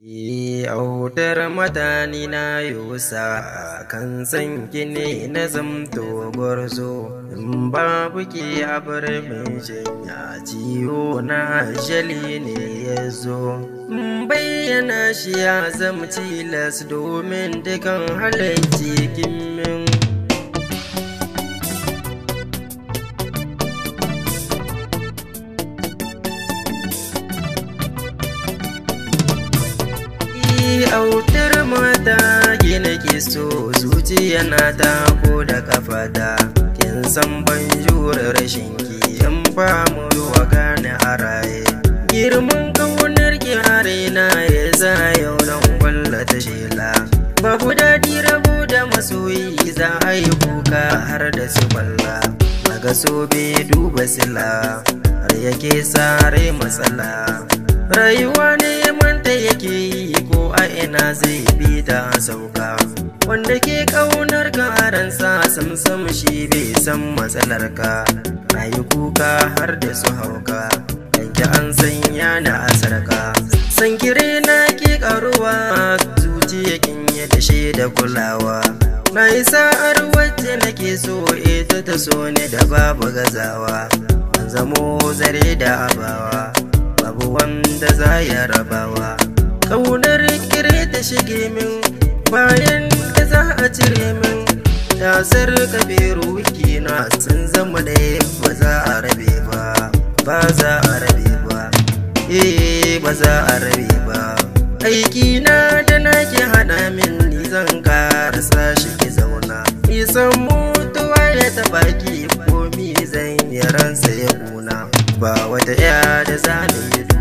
Yautar matani na yusa kan san kine na zamto gwarzo in babu ke abar min ya ciwo na shali ne ya zo. Bayyana shi ya zama tilas domin dukan halin cikin autar mata gina ke so zuciya na ta ko da kafata kin san ban jure rashin ki in ba mu wa gane a raye girman kaunar ki na ya za yau nan kwalla ta shela babu daɗi rabu da masoyi za a yi kuka har da su balla daga so bai duba sila har yake sare matsala rayuwa ne ina zai bi ta sauka wanda ke ƙaunar ka sam sam shi bai san matsalar ka rayu kuka har da su hauka yanke an sanya na asarka sankire na ke ƙaruwa zuciya kin ya tashe da kulawa na isa wacce nake so ita ta so ne da babu gazawa zamo zare da abawa babu wanda za ya rabawa ƙaunar kire ta shige min bayan da za a cire min tasar Kabiru wiki na sun zama ɗaya ba za a rabe ba ba za a rabe ba eh ba za a rabe ba aiki na da nake hana min ni zan karasa shi ki zauna isan mutuwa ya taba ki komi zan yi ransa ya kuna ba wata ya da za yi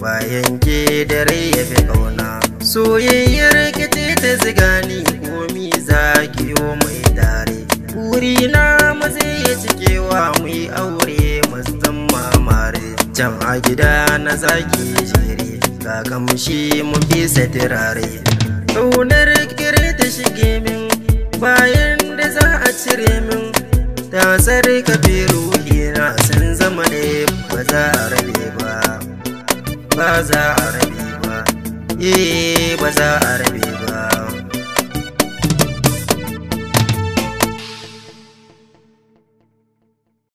bayan ke dare ya fi ƙauna soyayyar rikice ta zigani komi zagiyo mai dare buri na maze ya cikewa mu yi aure mazan mamare can a gida na zaki jere ga kamshi mun fi satirare ƙaunar kire ta shige min bayan da za a cire min ta sarka baza arabi ba eh ba arabi.